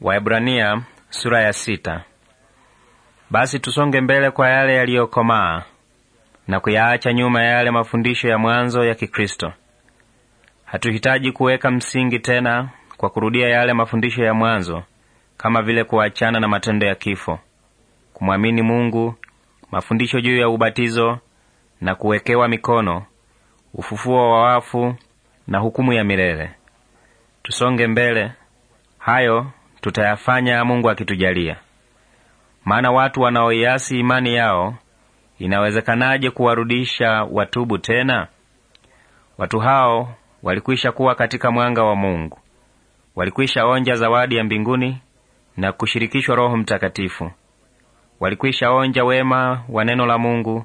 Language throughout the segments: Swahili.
Waebrania sura ya sita. Basi tusonge mbele kwa yale yaliyokomaa na kuyaacha nyuma yale mafundisho ya mwanzo ya Kikristo. Hatuhitaji kuweka msingi tena kwa kurudia yale mafundisho ya mwanzo, kama vile kuachana na matendo ya kifo, kumwamini Mungu, mafundisho juu ya ubatizo na kuwekewa mikono, ufufuo wa wafu na hukumu ya milele. Tusonge mbele. Hayo tutayafanya Mungu akitujalia. Maana watu wanaoiasi imani yao, inawezekanaje kuwarudisha watubu tena? Watu hao walikwisha kuwa katika mwanga wa Mungu, walikwisha onja zawadi ya mbinguni na kushirikishwa Roho Mtakatifu, walikwisha onja wema wa neno la Mungu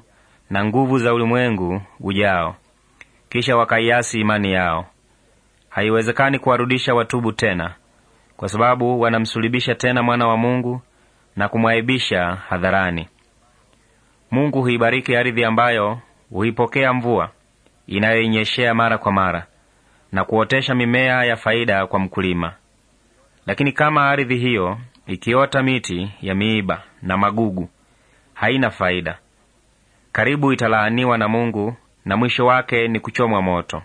na nguvu za ulimwengu ujao, kisha wakaiasi imani yao. Haiwezekani kuwarudisha watubu tena kwa sababu wanamsulubisha tena mwana wa Mungu na kumwaibisha hadharani. Mungu huibariki ardhi ambayo huipokea mvua inayoinyeshea mara kwa mara na kuotesha mimea ya faida kwa mkulima. Lakini kama ardhi hiyo ikiota miti ya miiba na magugu, haina faida, karibu italaaniwa na Mungu na mwisho wake ni kuchomwa moto.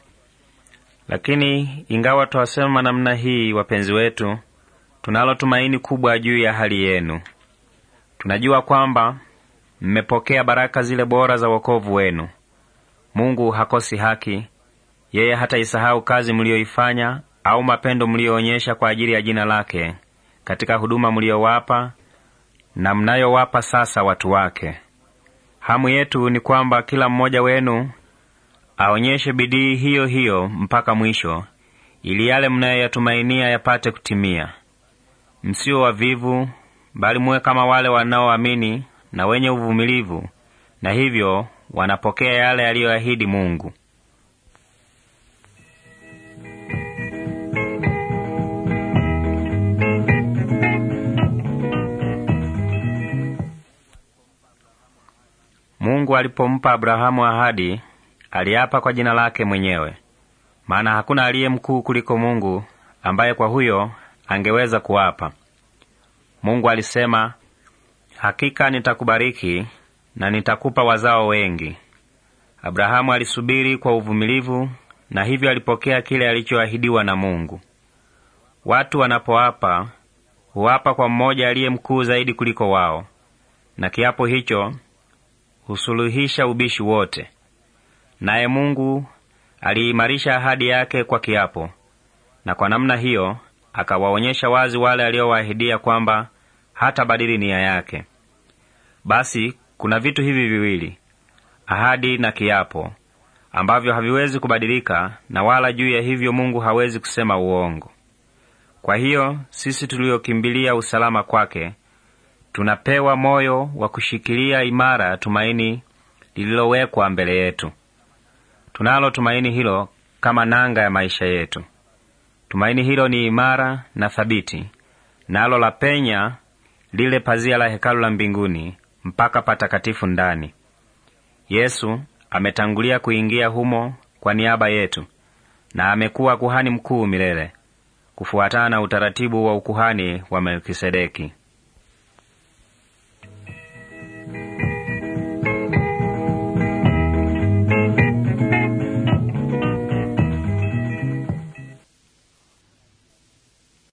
Lakini ingawa twasema namna hii, wapenzi wetu, tunalo tumaini kubwa juu ya hali yenu. Tunajua kwamba mmepokea baraka zile bora za wokovu wenu. Mungu hakosi haki, yeye hata isahau kazi mliyoifanya au mapendo mliyoonyesha kwa ajili ya jina lake katika huduma mliyowapa na mnayowapa sasa watu wake. Hamu yetu ni kwamba kila mmoja wenu aonyeshe bidii hiyo hiyo mpaka mwisho, ili yale mnayoyatumainia yapate kutimia msio wavivu, bali muwe kama wale wanaoamini na wenye uvumilivu, na hivyo wanapokea yale yaliyoahidi Mungu. Mungu alipompa Abrahamu ahadi, aliapa kwa jina lake mwenyewe, maana hakuna aliye mkuu kuliko Mungu, ambaye kwa huyo angeweza kuwapa. Mungu alisema, hakika nitakubariki na nitakupa wazao wengi. Abrahamu alisubiri kwa uvumilivu, na hivyo alipokea kile alichoahidiwa na Mungu. Watu wanapoapa huapa kwa mmoja aliye mkuu zaidi kuliko wao, na kiapo hicho husuluhisha ubishi wote. Naye Mungu aliimarisha ahadi yake kwa kiapo, na kwa namna hiyo akawaonyesha wazi wale aliowaahidia kwamba hata badili nia yake. Basi kuna vitu hivi viwili, ahadi na kiapo, ambavyo haviwezi kubadilika, na wala juu ya hivyo Mungu hawezi kusema uongo. Kwa hiyo sisi tuliokimbilia usalama kwake tunapewa moyo wa kushikilia imara tumaini lililowekwa mbele yetu. Tunalo tumaini hilo kama nanga ya maisha yetu. Tumaini hilo ni imara na thabiti, nalo la penya lile pazia la hekalu la mbinguni mpaka patakatifu ndani. Yesu ametangulia kuingia humo kwa niaba yetu, na amekuwa kuhani mkuu milele kufuatana na utaratibu wa ukuhani wa Melkisedeki.